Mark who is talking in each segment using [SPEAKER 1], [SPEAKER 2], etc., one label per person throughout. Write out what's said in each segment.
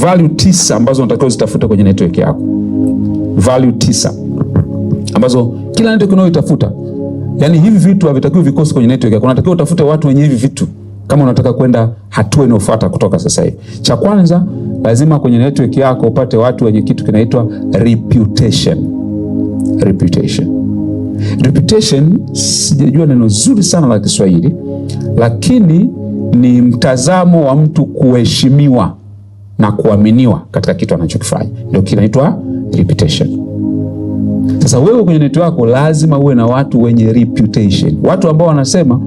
[SPEAKER 1] value tisa ambazo unatakiwa zitafuta kwenye network yako, value tisa ambazo kila network unayoitafuta, yani hivi vitu havitakiwi vikosi kwenye network yako. Unatakiwa utafute watu wenye hivi vitu kama unataka kwenda hatua inayofuata kutoka sasa hivi. Cha kwanza, lazima kwenye network yako upate watu wenye kitu kinaitwa reputation. Reputation, reputation, sijajua neno zuri sana la Kiswahili, lakini ni mtazamo wa mtu kuheshimiwa na kuaminiwa katika kitu anachokifanya, ndio kinaitwa reputation. Sasa wewe kwenye neti yako lazima uwe na watu wenye reputation, watu ambao wanasema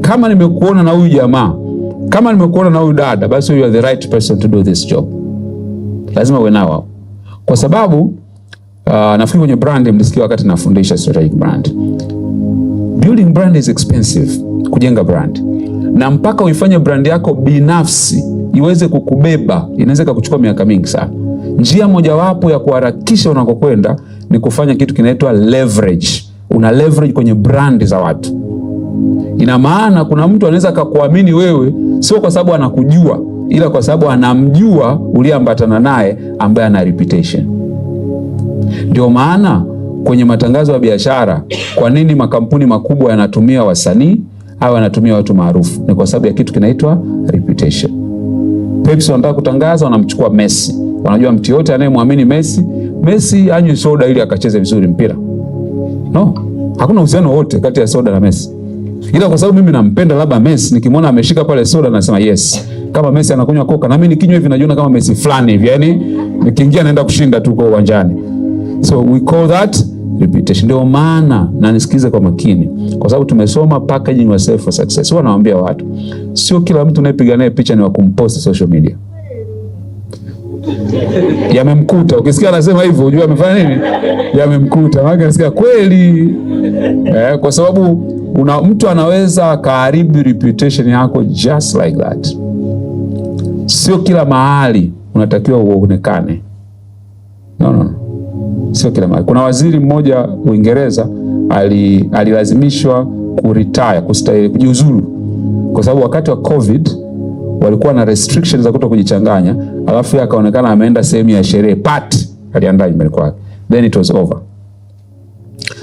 [SPEAKER 1] kama nimekuona na huyu jamaa, kama nimekuona na huyu dada, basi you are the right person to do this job. Lazima uwe nao hao, kwa sababu uh, nafikiri kwenye brand mlisikia wakati nafundisha strategic brand. Building brand is expensive, kujenga brand, na mpaka uifanye brand yako binafsi iweze kukubeba inaweza ikakuchukua miaka mingi sana. Njia mojawapo ya kuharakisha unakokwenda ni kufanya kitu kinaitwa leverage. Una leverage kwenye brand za watu. Ina maana kuna mtu anaweza akakuamini wewe, sio kwa sababu anakujua, ila kwa sababu anamjua uliyeambatana naye ambaye ana reputation. Ndio maana kwenye matangazo ya biashara, kwa nini makampuni makubwa yanatumia wasanii au yanatumia watu maarufu? Ni kwa sababu ya kitu kinaitwa reputation. Pepsi wanataka kutangaza, wanamchukua Messi. Wanajua mtu yote anayemwamini Messi, Messi anywe soda ili akacheze vizuri mpira. No, hakuna uhusiano wote kati ya soda na Messi, ila kwa sababu mimi nampenda labda Messi, nikimwona ameshika pale soda nasema yes. Kama Messi anakunywa koka na mimi nikinywa hivi, najiona kama Messi fulani hivi, yani nikiingia naenda kushinda tu kwa uwanjani. So we call that reputation. Ndio maana na nisikize kwa makini, kwa sababu tumesoma packaging yourself for success. Huwa nawaambia watu Sio kila mtu unayepiga naye picha ni wa kumpost social media. Yamemkuta, ukisikia anasema hivyo ujue amefanya nini? Yamemkuta maana nasikia kweli eh, kwa sababu una mtu anaweza akaharibu reputation yako just like that. Sio kila mahali unatakiwa uonekane. No, no, sio kila mahali. Kuna waziri mmoja Uingereza alilazimishwa ali kustahili kujiuzuru kwa sababu wakati wa COVID walikuwa na restrictions za kuto kujichanganya, alafu akaonekana ameenda sehemu ya sherehe pat aliandaa nyumbani kwake, then it was over.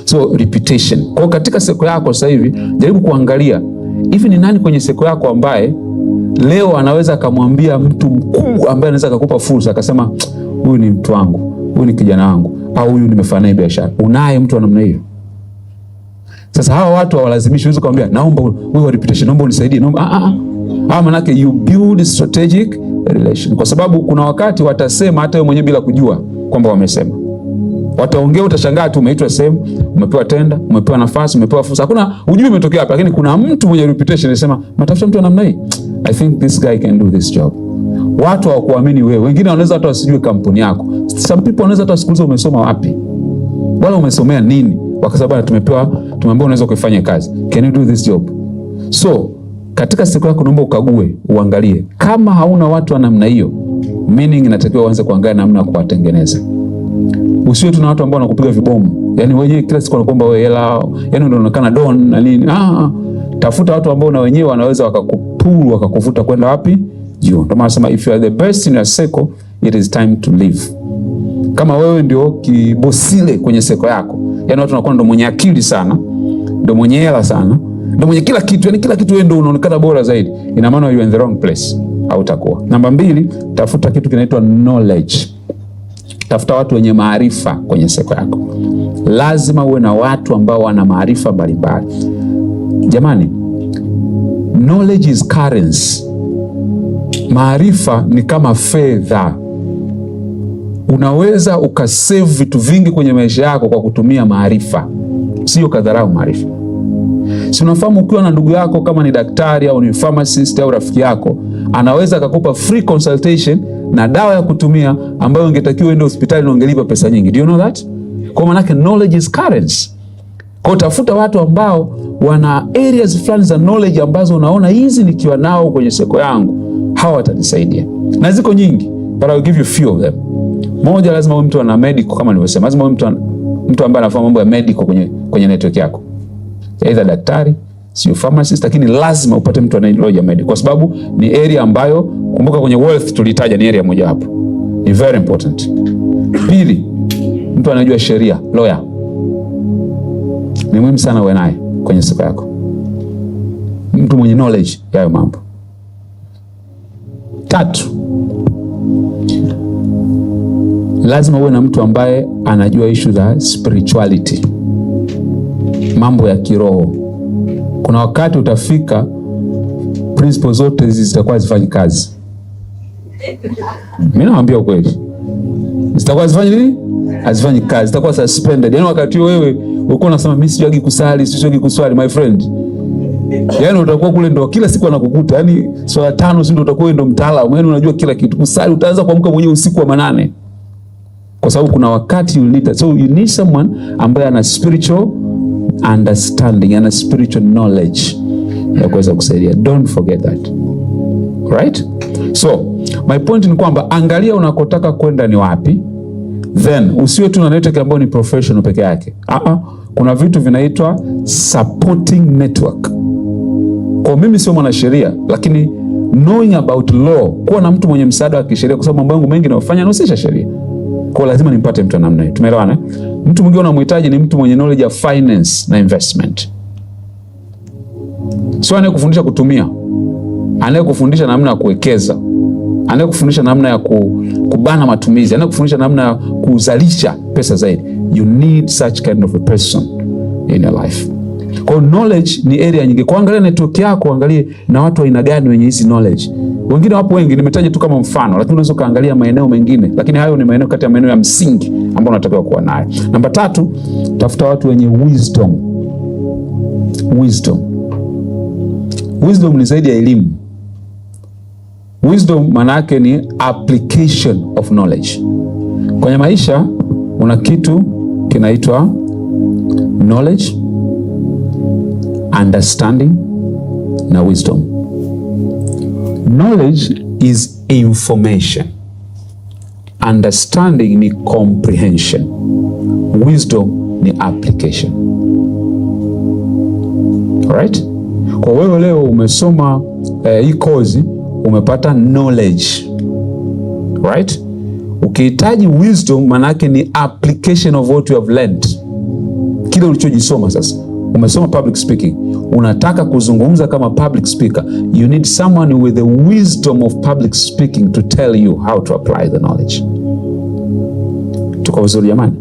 [SPEAKER 1] So reputation kwa katika seko yako sasa hivi, jaribu kuangalia hivi ni nani kwenye seko yako ambaye leo anaweza akamwambia mtu mkubwa ambaye anaweza akakupa fursa akasema, huyu ni mtu wangu, huyu ni kijana wangu, au huyu nimefanya naye biashara. Unaye mtu wa namna hiyo? Sasa hawa watu hawalazimishi, unaweza kumwambia naomba wewe reputation, naomba unisaidie, naomba ah ah ah, ah maana yake you build strategic relation, kwa sababu kuna wakati watasema hata wewe mwenyewe bila kujua kwamba wamesema wataongea utashangaa tu, umeitwa sehemu, umepewa tenda, umepewa nafasi, umepewa fursa, hakuna ujui umetokea hapa, lakini kuna mtu mwenye reputation anasema, matafuta mtu wa namna hii, I think this guy can do this job. Watu hawakuamini wewe, wengine wanaweza hata wasijue kampuni yako, some people wanaweza hata wasikuulize umesoma wapi wala umesomea nini, wakasema bwana, tumepewa tumeambiwa unaweza kuifanya kazi, can you do this job? So katika siku yako naomba ukague, uangalie kama hauna watu wa namna hiyo, meaning inatakiwa uanze kuangalia namna ya kuwatengeneza. Usiwe tuna watu ambao wanakupiga vibomu, yani wewe kila siku unakuomba wewe hela, yani unaonekana don na nini. Ah, ah, tafuta watu ambao na wenyewe wanaweza wakakupuru wakakuvuta kwenda wapi juu. Ndio maana nasema if you are the best in your circle, it is time to leave kama wewe ndio kibosile kwenye seko yako, yani watu wanakuwa ndo mwenye akili sana, ndo mwenye hela sana, ndo mwenye kila kitu, yani kila kitu wewe ndo unaonekana bora zaidi, ina maana you in the wrong place, hautakuwa. Namba mbili, tafuta kitu kinaitwa knowledge. Tafuta watu wenye maarifa kwenye seko yako. Lazima uwe na watu ambao wana maarifa mbalimbali. Jamani, knowledge is currency. Maarifa ni kama fedha unaweza ukasave vitu vingi kwenye maisha yako kwa kutumia maarifa, sio kadharau maarifa. Si unafahamu, ukiwa na ndugu yako kama ni daktari au ni pharmacist au rafiki yako, anaweza akakupa free consultation na dawa ya kutumia ambayo ungetakiwa uende hospitali na ungelipa pesa nyingi. Do you know that? Kwa maana yake knowledge is currency. Kwa tafuta watu ambao wana areas fulani za knowledge ambazo unaona hizi nikiwa nao kwenye seko yangu hawa watanisaidia, na ziko nyingi, but I'll give you few of them. Moja, lazima uwe mtu ana medical kama nilivyosema, lazima uwe mtu an, mtu ambaye anafanya mambo ya medical kwenye kwenye network yako. Either daktari, sio pharmacist, lakini lazima upate mtu anayejua medical kwa sababu ni area ambayo kumbuka kwenye wealth tulitaja ni area moja hapo. Ni very important. Pili, mtu anajua sheria, lawyer. Ni muhimu sana uwe naye kwenye soko yako. Mtu mwenye knowledge yayo mambo. Tatu, lazima uwe na mtu ambaye anajua ishu za spirituality, mambo ya kiroho. Kuna wakati utafika principle zote hizi zitakuwa zifanyi kazi. Mimi naambia ukweli, zitakuwa zifanyi nini? Hazifanyi kazi, zitakuwa suspended. Yani wakati wewe uko unasema mimi sijui kusali, sijui kuswali, my friend, yani utakuwa kule ndo kila siku anakukuta, yani swala tano, si ndo utakuwa ndo mtaalamu, yani unajua kila kitu. Kusali utaanza kuamka mwenyewe usiku wa manane kwa sababu kuna wakati you need that. So you need someone ambaye ana spiritual understanding, ana spiritual knowledge ya kuweza kusaidia. Don't forget that. Right? So my point ni kwamba angalia unakotaka kwenda ni wapi, then usiwe tu na network ambayo ni professional peke yake. Uh -uh. kuna vitu vinaitwa supporting network. Kwa mimi sio mwanasheria, lakini knowing about law, kuwa na mtu mwenye msaada wa kisheria, kwa sababu mambo yangu mengi nayofanya yanahusisha sheria kwa lazima nimpate mtu namna hiyo. Tumeelewana? Eh? Mtu mwingine unamhitaji ni mtu mwenye knowledge ya finance na investment. Sio anayekufundisha kutumia, anayekufundisha namna ya kuwekeza, anayekufundisha namna ya kubana matumizi, anayekufundisha namna ya kuzalisha pesa zaidi. You need such kind of a person in your life. Kwa knowledge ni area nyingi. angalia network yako, angalie na watu aina gani wenye hizi knowledge. Wengine wapo wengi, nimetaja tu kama mfano, lakini unaweza kaangalia maeneo mengine, lakini hayo ni maeneo kati ya maeneo ya msingi ambayo unatakiwa kuwa nayo. Namba tatu, tafuta watu wenye wisdom. Wisdom, wisdom ni zaidi ya elimu. Wisdom maana yake ni application of knowledge kwenye maisha. Una kitu kinaitwa knowledge, understanding na wisdom. Knowledge is information. Understanding ni comprehension. Wisdom ni application. Alright? Kwa wewe leo umesoma eh, hii kozi umepata knowledge. Right? Ukihitaji wisdom manake ni application of what you have learned. Kile ulichojisoma sasa umesoma public speaking, unataka kuzungumza kama public speaker, you need someone with the wisdom of public speaking to tell you how to apply the knowledge. Tuko vizuri jamani?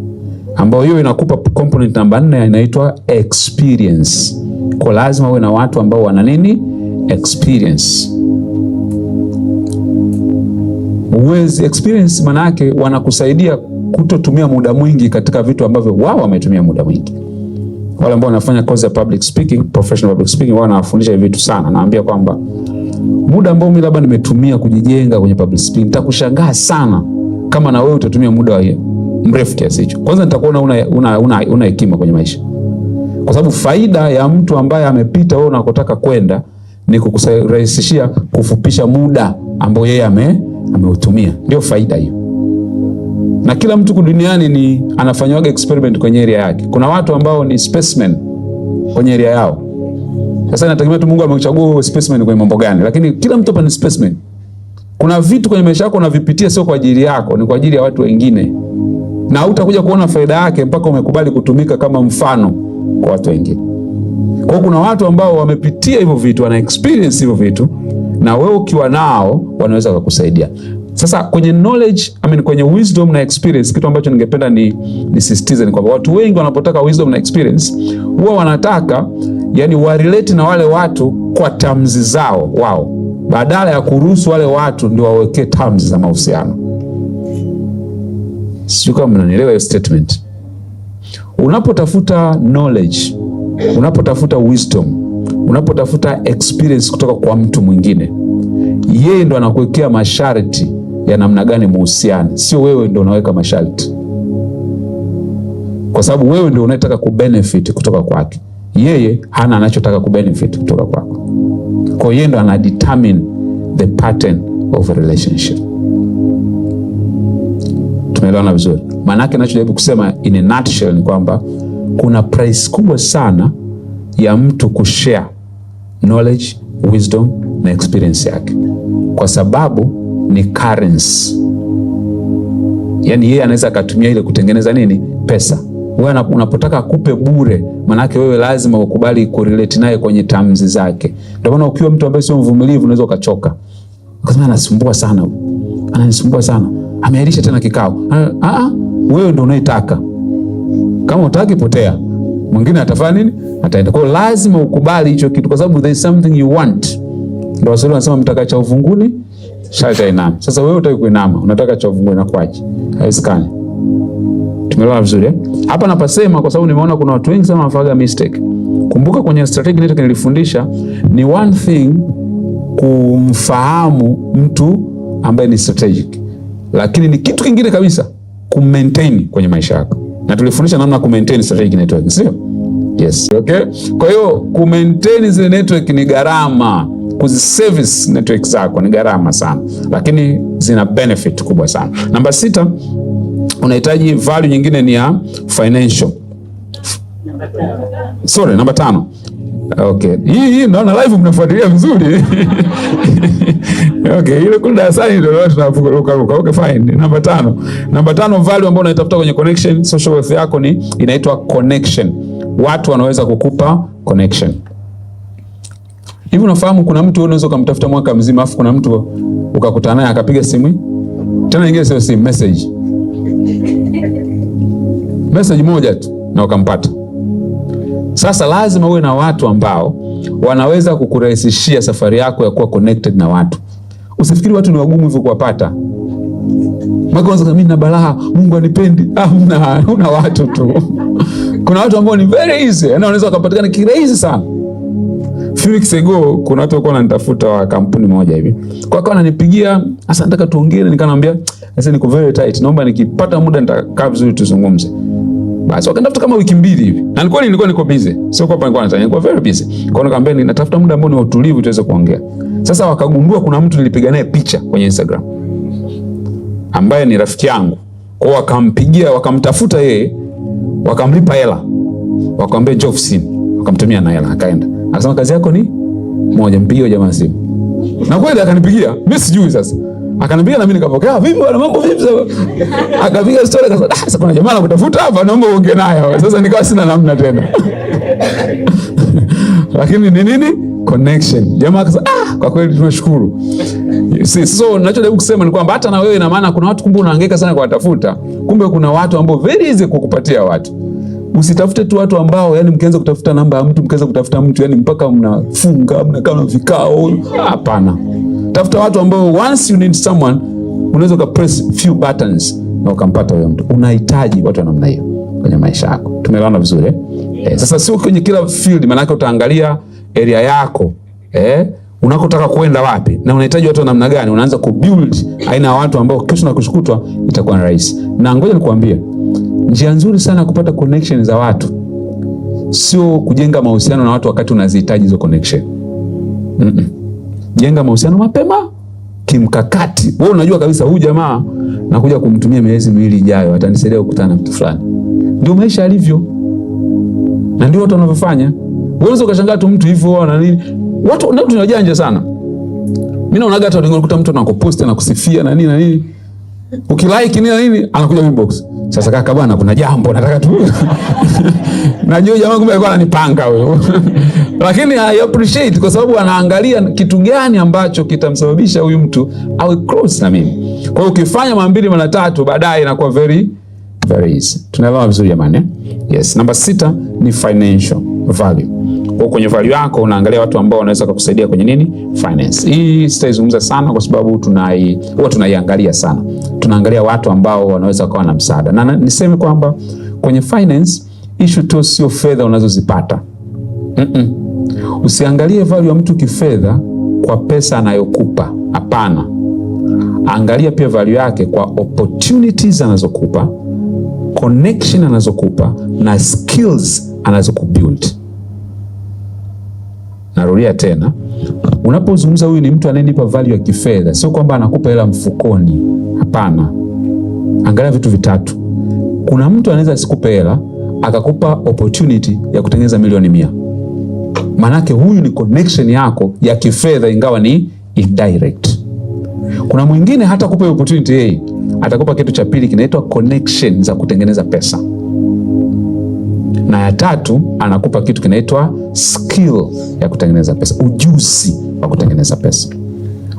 [SPEAKER 1] Ambao hiyo inakupa component namba nne inaitwa experience. Kwa lazima uwe na watu ambao wana nini? Experience. Uwezi experience maana yake wanakusaidia kutotumia muda mwingi katika vitu ambavyo wao wametumia muda mwingi wale ambao wanafanya course ya public speaking, professional public speaking, wao wanafundisha hivi vitu sana. Naambia kwamba muda ambao mimi labda nimetumia kujijenga kwenye public speaking, nitakushangaa sana kama na wewe utatumia muda wa mrefu kiasi hicho. Kwanza nitakuona una una, una, una hekima kwenye maisha. Kwa sababu faida ya mtu ambaye amepita wewe unakotaka kwenda ni kukurahisishia kufupisha muda ambao yeye ame ameutumia. Ndio faida hiyo na kila mtu duniani ni anafanyaga experiment kwenye area yake. Kuna watu ambao ni specimen kwenye area yao. Sasa inategemea tu Mungu amechagua wewe specimen kwenye mambo gani, lakini kila mtu hapa ni specimen. Kuna vitu kwenye maisha yako unavipitia, sio kwa ajili yako, ni kwa ajili ya watu wengine, na hutakuja kuona faida yake mpaka umekubali kutumika kama mfano kwa watu wengine. Kwa kuna watu ambao wamepitia hivyo vitu, wana experience hivyo vitu, na wewe ukiwa nao wanaweza kukusaidia. Sasa kwenye knowledge, I mean, kwenye wisdom na experience, kitu ambacho ningependa ni nisisitize ni kwamba watu wengi wanapotaka wisdom na experience huwa wanataka yani warelate na wale watu kwa terms zao wao, badala ya kuruhusu wale watu ndio wawekee terms za mahusiano. Sio kama mnanielewa hiyo statement. Unapotafuta knowledge, unapotafuta wisdom, unapotafuta experience kutoka kwa mtu mwingine, yeye ndo anakuwekea masharti ya namna gani muhusiane, sio wewe ndio unaweka masharti, kwa sababu wewe ndio unayetaka kubenefit kutoka kwake, yeye hana anachotaka kubenefit kutoka kwako. Kwa hiyo yeye ndo ana determine the pattern of a relationship. Tumeelewana vizuri? Maanake nachojaribu kusema in a nutshell ni kwamba kuna price kubwa sana ya mtu kushare knowledge, wisdom na experience yake kwa sababu ni currency. Yani yeye anaweza akatumia ile kutengeneza nini pesa. Wewe unapotaka akupe bure, manake wewe lazima ukubali kurelate naye kwenye tamzi zake. Ndio maana ukiwa mtu ambaye sio mvumilivu unaweza ukachoka, ukasema anasumbua sana, ananisumbua sana, ameahirisha tena kikao. Ah, ah, ah. wewe ndio unayetaka. Kama utaki, potea. Mwingine atafanya nini? Ataenda. Kwa hiyo lazima ukubali hicho kitu, kwa sababu there is something you want. Ndio waswahili wanasema mtakacha uvunguni sharti ainame. Sasa wewe utaki kuinama, unataka na kwaje? Haiwezekani. Tumeelewana vizuri eh? Hapa napasema kwa sababu nimeona kuna watu wengi sana wanafaga mistake. Kumbuka kwenye strategy network nilifundisha ni one thing kumfahamu mtu ambaye ni strategic, lakini ni kitu kingine kabisa kumaintain kwenye maisha yako, na tulifundisha namna ya kumaintain strategic network, sio? Yes. Okay. Kwa hiyo kumaintain zile network ni gharama kuziservice network zako ni gharama sana, lakini zina benefit kubwa sana. Namba sita, unahitaji value nyingine ni ya financial. Sorry, namba tano. Okay. Hii hii naona live mnafuatilia vizuri. Okay, ile kuna darasani ndio watu tunavuka ruka. Okay, fine. Namba tano. Namba tano value ambayo unaitafuta kwenye connection, social wealth yako ni inaitwa connection. Watu wanaweza kukupa connection. Hivi unafahamu kuna mtu unaweza ukamtafuta mwaka mzima afu kuna mtu ukakutana naye akapiga simu tena nyingine sio simu message. Message moja tu na ukampata. Sasa lazima uwe na watu ambao wanaweza kukurahisishia safari yako ya kuwa connected na watu. Usifikiri watu ni wagumu hivyo kuwapata. Mwanzo kama mimi na balaa, Mungu anipendi. Ah, una, watu tu. Kuna watu ambao ni very easy, na yaani unaweza kupatikana kirahisi sana few weeks ago kuna watu walikuwa wananitafuta wa kampuni moja hivi. Kwa kwa ananipigia, "Asa nataka tuongee." Nikamwambia, "Sasa niko very tight. Naomba nikipata muda nitakaa vizuri tuzungumze." Basi wakanifuta kama wiki mbili hivi. Na nilikuwa nilikuwa niko busy. Sio kwamba nilikuwa nataka, nilikuwa very busy. Kwa hiyo nikamwambia ninatafuta muda ambao ni wa utulivu tuweze kuongea. Sasa wakagundua kuna mtu nilipiga naye picha kwenye Instagram ambaye ni rafiki yangu. Kwa hiyo wakampigia, wakamtafuta yeye, wakamlipa hela. Wakamwambia, "Njoo ofisini." Wakamtumia na hela akaenda. Akasema kazi yako ni moja, mpigie jamaa simu. Na kweli akanipigia, mimi sijui sasa. Akanipigia na mimi nikapokea, ah, vipi bwana, mambo vipi sasa? Akapiga story akasema, ah, sasa kuna jamaa anakutafuta hapa, naomba uongee naye. Sasa nikawa sina namna tena. Lakini ni nini? Connection. Jamaa akasema, ah, kwa kweli tunashukuru. Si, so ninachojaribu kusema ni kwamba hata na wewe, ina maana kuna watu kumbe unahangaika sana kuwatafuta, kumbe kuna watu ambao very easy kukupatia watu Usitafute tu watu ambao yani mkianza kutafuta namba ya mtu mkianza kutafuta mtu yani mpaka mnafunga mnakaa na vikao. Hapana, tafuta watu ambao once you need someone unaweza ka press few buttons na ukampata huyo mtu. Unahitaji watu wa namna hiyo kwenye maisha yako. Tumeelewana vizuri eh? Eh, sasa sio kwenye kila field, maana yake utaangalia area yako eh, unakotaka kwenda wapi na unahitaji watu wa namna gani. Unaanza ku build aina ya watu ambao kesho na kushukutwa itakuwa rahisi. Na ngoja nikwambie njia nzuri sana kupata connection za watu, sio kujenga mahusiano na watu wakati unazihitaji hizo connection. Mm -mm. Jenga mahusiano mapema kimkakati. Wewe unajua kabisa huyu jamaa nakuja kumtumia miezi miwili ijayo, atanisaidia kukutana na mtu fulani. Ndio maisha alivyo, na ndio watu wanavyofanya. Unaweza ukashangaa tu mtu hivyo na nini. Watu ndio tunajanja sana. Mimi naona hata ningekuta mtu anakuposti na kusifia na nini na nini Ukilike nio hivi anakuja inbox. Sasa kaka bwana, kuna jambo nataka tu. Najua jamaa kumbe alikuwa ananipanga huyo. Lakini I appreciate kwa sababu anaangalia kitu gani ambacho kitamsababisha huyu mtu awe close na mimi. Kwa hiyo ukifanya mara mbili mara tatu baadaye inakuwa very very easy. Tunaelewa vizuri jamani eh? Yes, namba sita ni financial value. Kwa kwenye value yako unaangalia watu ambao wanaweza kukusaidia kwenye nini? Finance. Hii sitaizungumza sana kwa sababu tunai huwa tunaiangalia sana tunaangalia watu ambao wanaweza kuwa na msaada, na niseme kwamba kwenye finance issue tu sio fedha unazozipata mm -mm. Usiangalie value ya mtu kifedha kwa pesa anayokupa, hapana. Angalia pia value yake kwa opportunities anazokupa, connection anazokupa na skills anazokubuild. Narudia tena, unapozungumza huyu ni mtu anayenipa value ya kifedha, sio kwamba anakupa hela mfukoni. Hapana, angalia vitu vitatu. Kuna mtu anaweza asikupe hela akakupa opportunity ya kutengeneza milioni mia. manake huyu ni connection yako ya kifedha, ingawa ni indirect. Kuna mwingine hata kupa opportunity yeye, atakupa kitu cha pili kinaitwa connection za kutengeneza pesa, na ya tatu anakupa kitu kinaitwa skill ya kutengeneza pesa, ujuzi wa kutengeneza pesa.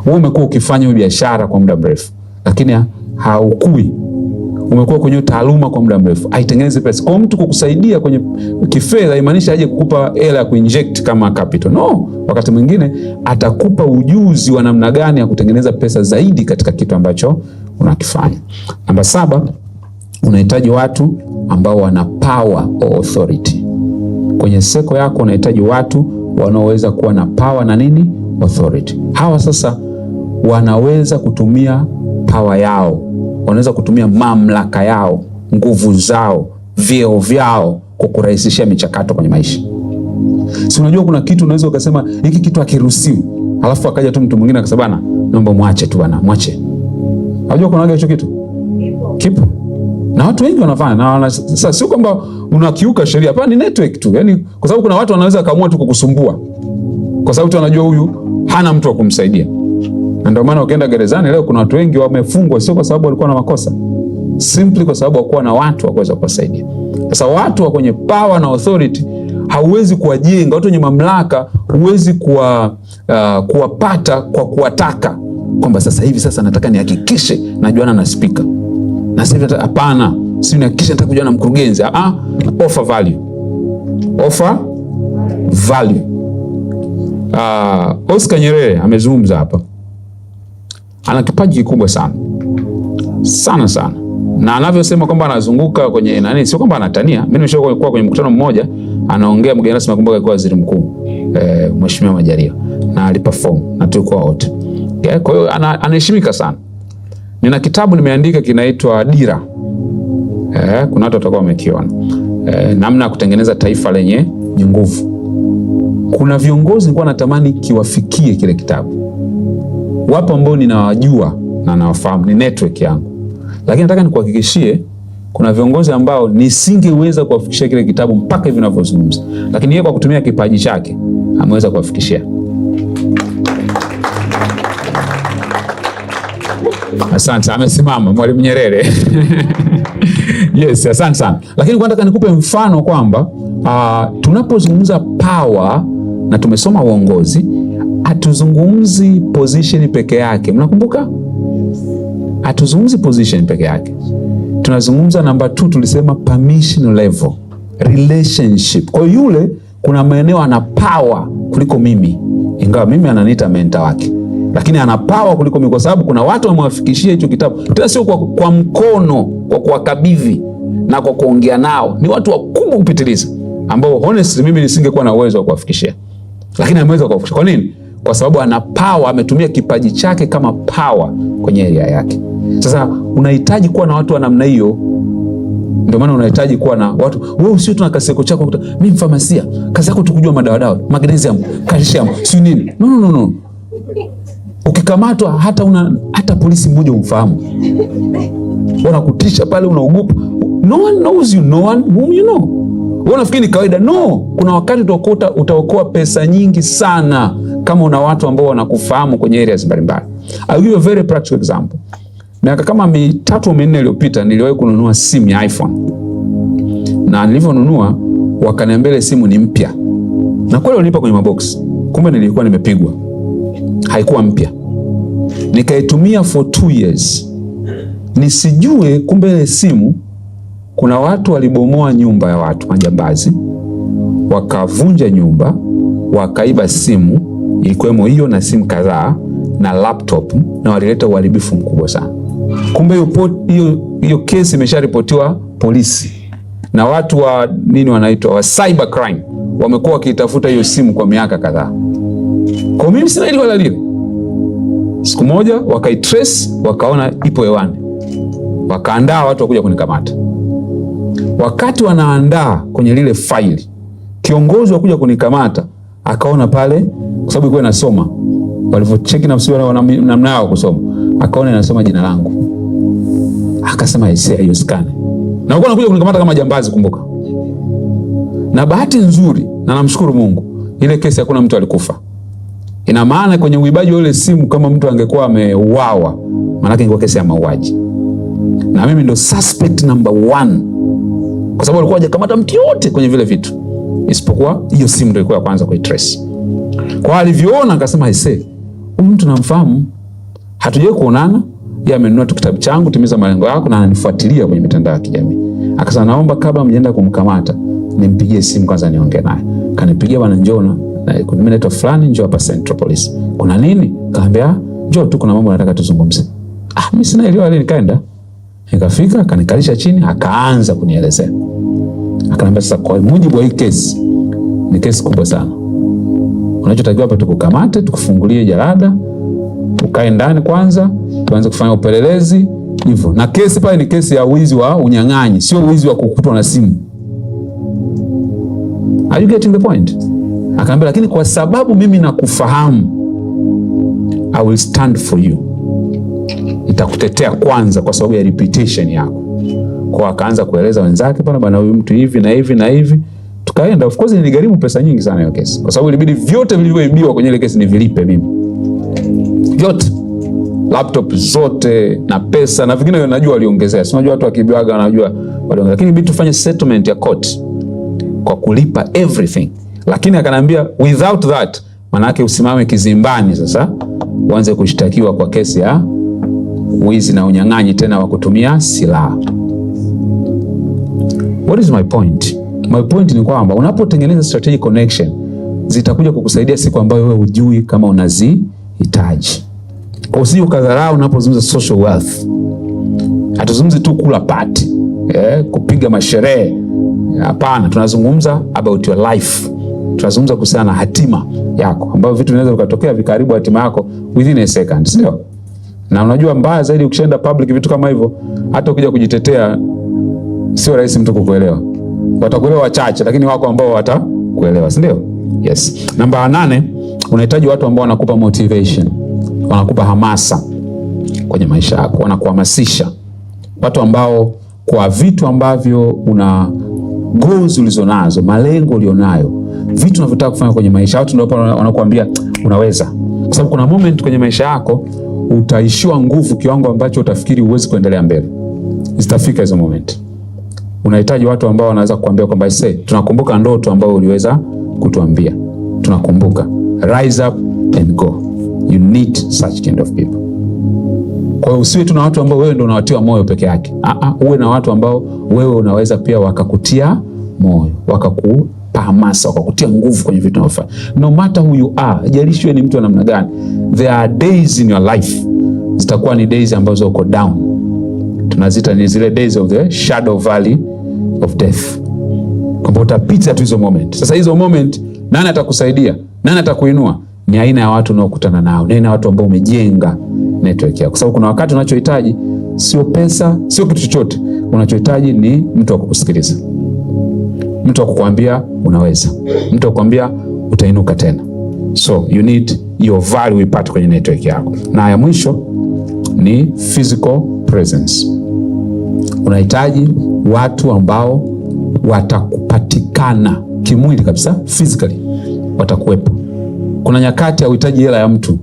[SPEAKER 1] Wewe umekuwa ukifanya biashara kwa muda mrefu lakini haukui, umekuwa kwenye taaluma kwa muda mrefu, aitengeneze pesa. Kwa mtu kukusaidia kwenye kifedha imaanisha aje kukupa hela ya kuinject kama capital. No, wakati mwingine atakupa ujuzi wa namna gani ya kutengeneza pesa zaidi katika kitu ambacho unakifanya. Namba saba, unahitaji watu ambao wana power or authority kwenye seko yako. Unahitaji watu wanaoweza kuwa na power na nini, authority. Hawa sasa wanaweza kutumia pawa yao, wanaweza kutumia mamlaka yao, nguvu zao, vyeo vyao kukurahisishia michakato kwenye maisha. Si unajua kuna kitu unaweza ukasema hiki kitu hakiruhusiwi, alafu akaja tu mtu mwingine akasema bana, naomba mwache tu bana, mwache. Unajua kuna hicho kitu kipo na watu wengi wanafanya na wana, sasa sio kwamba unakiuka sheria, hapana, ni network tu, yani kwa sababu kuna watu wanaweza kaamua tu kukusumbua kwa sababu tu wanajua huyu hana mtu wa kumsaidia. Na ndio maana ukienda gerezani leo kuna watu wengi wamefungwa, sio kwa sababu walikuwa na makosa, simply kwa sababu hakuwa na watu wa kuweza kuwasaidia. Sasa watu wa kwenye power na authority hauwezi kuwajenga watu wenye mamlaka, huwezi kuwa, uh, kuwapata kwa kuwataka kwamba sasa hivi sasa nataka nihakikishe najuana na spika na sasa hivi. Hapana, si nihakikishe nataka kujua na mkurugenzi. Ah, ah, offer value, offer value. Uh, Oscar Nyerere amezungumza hapa ana kipaji kikubwa sana sana sana, na anavyosema kwamba anazunguka kwenye nani, sio kwamba anatania. Mimi nimeshakuwa kwenye kwenye mkutano mmoja, anaongea mgeni rasmi, nakumbuka alikuwa waziri mkuu e, mheshimiwa Majaliwa, na aliperform na tulikuwa wote. yeah. Kwa hiyo anaheshimika sana. Nina kitabu nimeandika kinaitwa Dira eh, kuna watu watakuwa wamekiona eh, namna ya kutengeneza taifa lenye nguvu. Kuna viongozi nilikuwa natamani kiwafikie kile kitabu wapo ambao ninawajua na nawafahamu, ni network yangu, lakini nataka nikuhakikishie kuna viongozi ambao nisingeweza kuwafikishia kile kitabu mpaka hivi ninavyozungumza, lakini yeye kwa kutumia kipaji chake ameweza kuwafikishia. Asante, amesimama Mwalimu Nyerere. Yes, asante sana, lakini kwa nataka nikupe mfano kwamba uh, tunapozungumza power na tumesoma uongozi hatuzungumzi position peke yake, mnakumbuka? Hatuzungumzi position peke yake, tunazungumza namba 2 tulisema permission level relationship. Kwa yule, kuna maeneo ana power kuliko mimi, ingawa mimi ananiita menta wake, lakini ana power kuliko mimi, kwa sababu kuna watu wamewafikishia hicho kitabu, tena sio kwa, kwa mkono, kwa kuwakabidhi na kwa kuongea nao. Ni watu wakubwa kupitiliza, ambao honestly mimi nisingekuwa na uwezo wa kuwafikishia, lakini ameweza kuwafikishia. Kwa nini? kwa sababu ana pawa, ametumia kipaji chake kama pawa kwenye area yake. Sasa unahitaji kuwa na watu wa namna hiyo. Ndio maana unahitaji kuwa na watu wewe, usio tuna kazi yako chako, mimi mfamasia, kazi yako tu tukujua madawadawa, magnesium, calcium, si nini? No, no, no. no. Ukikamatwa hata una hata polisi mmoja umfahamu, wanakutisha pale, unaogopa. No one knows you, no one whom you know. Wewe unafikiri ni kawaida? No, kuna wakati utaokoa utaokoa pesa nyingi sana kama una watu ambao wanakufahamu kwenye areas mbalimbali. I'll give you a very practical example. Miaka kama mitatu au minne iliyopita niliwahi kununua simu ya iPhone. Na nilivyonunua wakaniambia ile simu ni mpya. Na kweli walinipa kwenye mabox. Kumbe nilikuwa nimepigwa. Haikuwa mpya. Nikaitumia for two years. Nisijue kumbe ile simu kuna watu walibomoa nyumba ya watu majambazi, wakavunja nyumba, wakaiba simu ilikuwemo hiyo na simu kadhaa na laptop, na walileta uharibifu mkubwa sana. Kumbe hiyo kesi imesharipotiwa polisi, na watu wa nini wanaitwa wa cyber crime wamekuwa wakiitafuta hiyo simu kwa miaka kadhaa. Kwa mimi sina hili wala lile. Siku moja wakaitrace, wakaona ipo hewani, wakaandaa watu wakuja kunikamata. Wakati wanaandaa kwenye lile faili, kiongozi wakuja kunikamata akaona pale kwa sababu ilikuwa inasoma. Walivyocheki nafsi yao na namna yao kusoma, akaona inasoma jina langu, akasema Isaya hiyo na uko anakuja kunikamata kama jambazi, kumbuka. Na bahati nzuri na namshukuru Mungu, ile kesi hakuna mtu alikufa. Ina maana kwenye uibaji wa ile simu, kama mtu angekuwa ameuawa, maana yake ingekuwa kesi ya mauaji, na mimi ndo suspect number one kwa sababu alikuwa hajakamata mtu yote kwenye vile vitu isipokuwa hiyo simu ndio ilikuwa ya kwanza kuitrace. kwa kwa alivyoona akasema, ise huyu mtu namfahamu, hatujawahi kuonana, yeye amenunua tu kitabu changu Timiza Malengo Yako na ananifuatilia kwenye mitandao ya kijamii. Akasema, naomba kabla mjaenda kumkamata nimpigie simu kwanza niongee naye. Kanipigia, bwana njoo, mimi naitwa fulani, njoo hapa Central Police. Kuna nini? Kaambia, njoo tu, kuna mambo nataka tuzungumze. Ah, mimi sina elewa nini. Kaenda nikafika, kanikalisha chini, akaanza kunielezea, akaniambia, sasa kwa mujibu wa hii kesi, ni kesi kubwa sana Unachotakiwa hapa tukukamate, tukufungulie jalada, ukae ndani kwanza, tuanze kufanya upelelezi hivyo. Na kesi pale ni kesi ya wizi wa unyang'anyi, sio wizi wa kukutwa na simu. Are you getting the point? Akaambia, lakini kwa sababu mimi nakufahamu, I will stand for you, nitakutetea kwanza kwa sababu ya reputation yako. Kwa akaanza kueleza wenzake, bwana bwana, huyu mtu hivi na hivi na hivi nikaenda, of course niligharimu pesa nyingi sana hiyo kesi, kwa sababu ilibidi vyote vilivyoibiwa kwenye ile kesi ni vilipe mimi vyote, laptop zote na pesa na vingine. Najua waliongezea, si unajua watu wakibiwaga, najua waliongezea, lakini ilibidi tufanye settlement ya court kwa kulipa everything, lakini akanambia without that, manake usimame kizimbani sasa uanze kushtakiwa kwa kesi ya wizi na unyang'anyi tena wa kutumia silaha. What is my point? My point ni kwamba unapotengeneza strategic connection zitakuja kukusaidia siku ambayo wewe hujui kama unazihitaji. Kwa usije ukadharau unapozungumza social wealth. Hatuzungumzi tu kula party, yeah, kupiga masherehe. Hapana, tunazungumza about your life. Tunazungumza kuhusiana na hatima yako ambayo vitu vinaweza vikatokea vikaribu hatima yako within a second, sio? Na unajua mbaya zaidi ukishaenda public vitu kama hivyo, hata ukija kujitetea sio rahisi mtu kukuelewa watakuelewa wachache, lakini wako ambao watakuelewa, si ndio? Yes. Namba nane, unahitaji watu ambao wanakupa motivation, wanakupa hamasa kwenye maisha yako, wanakuhamasisha, watu ambao kwa vitu ambavyo una goals ulizonazo, malengo ulionayo, vitu unavyotaka kufanya kwenye maisha, watu ndio wanakuambia unaweza, kwa sababu kuna moment kwenye maisha yako utaishiwa nguvu kiwango ambacho utafikiri huwezi kuendelea mbele, zitafika hizo moment unahitaji watu ambao wanaweza kukuambia kwamba say, tunakumbuka ndoto ambayo uliweza kutuambia, tunakumbuka. Rise up and go. You need such kind of people. Kwa hiyo usiwe tu na watu ambao wewe ndio unawatiwa moyo peke yake. Aa, uwe na watu ambao wewe unaweza pia wakakutia moyo, wakakupa hamasa, wakakutia nguvu kwenye vitu unavyofanya. No matter who you are, jalishi ni mtu wa namna gani. There are days in your life. Zitakuwa ni days ambazo uko down. Tunazita ni zile days of the shadow valley of death, kwamba utapita tu hizo moment. Sasa hizo moment, nani atakusaidia? Nani atakuinua? Ni aina ya watu unaokutana nao, ni aina ya watu ambao umejenga network yako, kwa sababu kuna wakati unachohitaji sio pesa, sio kitu chochote. Unachohitaji ni mtu wa kukusikiliza, mtu wa kukwambia unaweza, mtu wa kukwambia utainuka tena. So you need your value uipate kwenye network yako. Na ya mwisho ni physical presence, unahitaji watu ambao watakupatikana kimwili kabisa, physically watakuwepo. Kuna nyakati hauhitaji hela ya mtu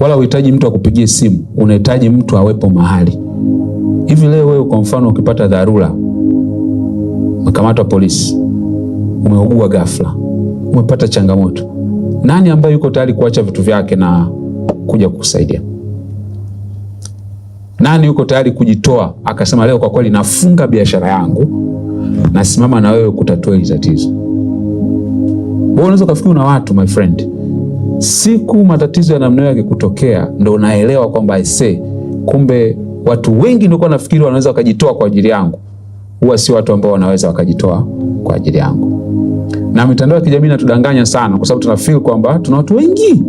[SPEAKER 1] wala uhitaji mtu akupigie simu, unahitaji mtu awepo mahali. Hivi leo wewe kwa mfano, ukipata dharura, umekamatwa polisi, umeugua ghafla, umepata changamoto, nani ambaye yuko tayari kuacha vitu vyake na kuja kukusaidia? Nani yuko tayari kujitoa akasema, leo kwa kweli nafunga biashara yangu, nasimama na wewe kutatua hili tatizo? Wewe unaweza kufikiri una watu my friend, siku matatizo ya namna hiyo yakikutokea, ndo unaelewa kwamba I say kumbe watu wengi nilikuwa nafikiri wanaweza wakajitoa kwa ajili yangu, huwa si watu ambao wanaweza wakajitoa kwa ajili yangu. Na mitandao ya kijamii inatudanganya sana, kwa sababu tunafeel kwamba tuna watu wengi,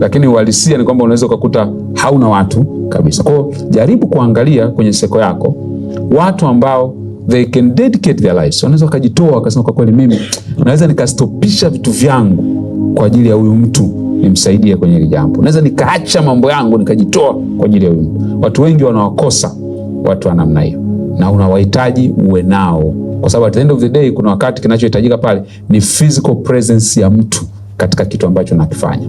[SPEAKER 1] lakini uhalisia ni kwamba unaweza ukakuta hauna watu kabisa. Kwa jaribu kuangalia kwenye seko yako watu ambao they can dedicate their lives, wanaweza wakajitoa wakasema, kwa kweli mimi naweza nikastopisha vitu vyangu kwa ajili ya huyu mtu nimsaidie kwenye hili jambo, naweza nikaacha mambo yangu nikajitoa kwa ajili ya huyu mtu. Watu wengi wanawakosa watu wa namna hiyo, na unawahitaji uwe nao, kwa sababu at the end of the day kuna wakati kinachohitajika pale ni physical presence ya mtu katika kitu ambacho nakifanya.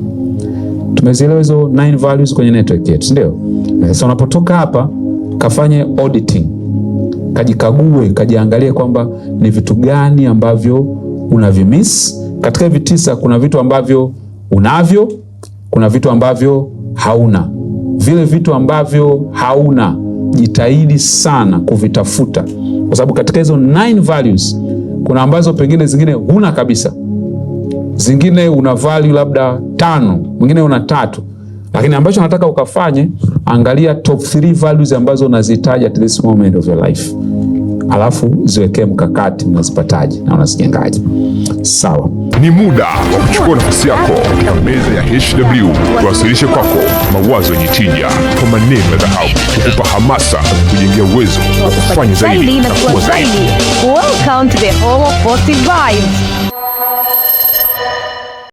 [SPEAKER 1] Tumezielewa hizo nine values kwenye network yetu, si ndio? Eh, so unapotoka hapa, kafanye auditing, kajikague, kajiangalie kwamba ni vitu gani ambavyo unavimiss katika hivi tisa. Kuna vitu ambavyo unavyo, kuna vitu ambavyo hauna. Vile vitu ambavyo hauna, jitahidi sana kuvitafuta, kwa sababu katika hizo nine values kuna ambazo pengine zingine huna kabisa zingine una value labda tano, mwingine una tatu, lakini ambacho nataka ukafanye, angalia top 3 values ambazo unazitaja at this moment of your life, alafu ziwekee mkakati, mnazipataje na unazijengaje? Sawa, ni muda wa kuchukua nafasi yako katika meza ya HW, tuwasilishe kwako mawazo yenye tija kwa maneno ya dhahabu, kukupa hamasa, kujengea uwezo wa kufanya zaidi na kuwa zaidi. Welcome to the home of positive vibes.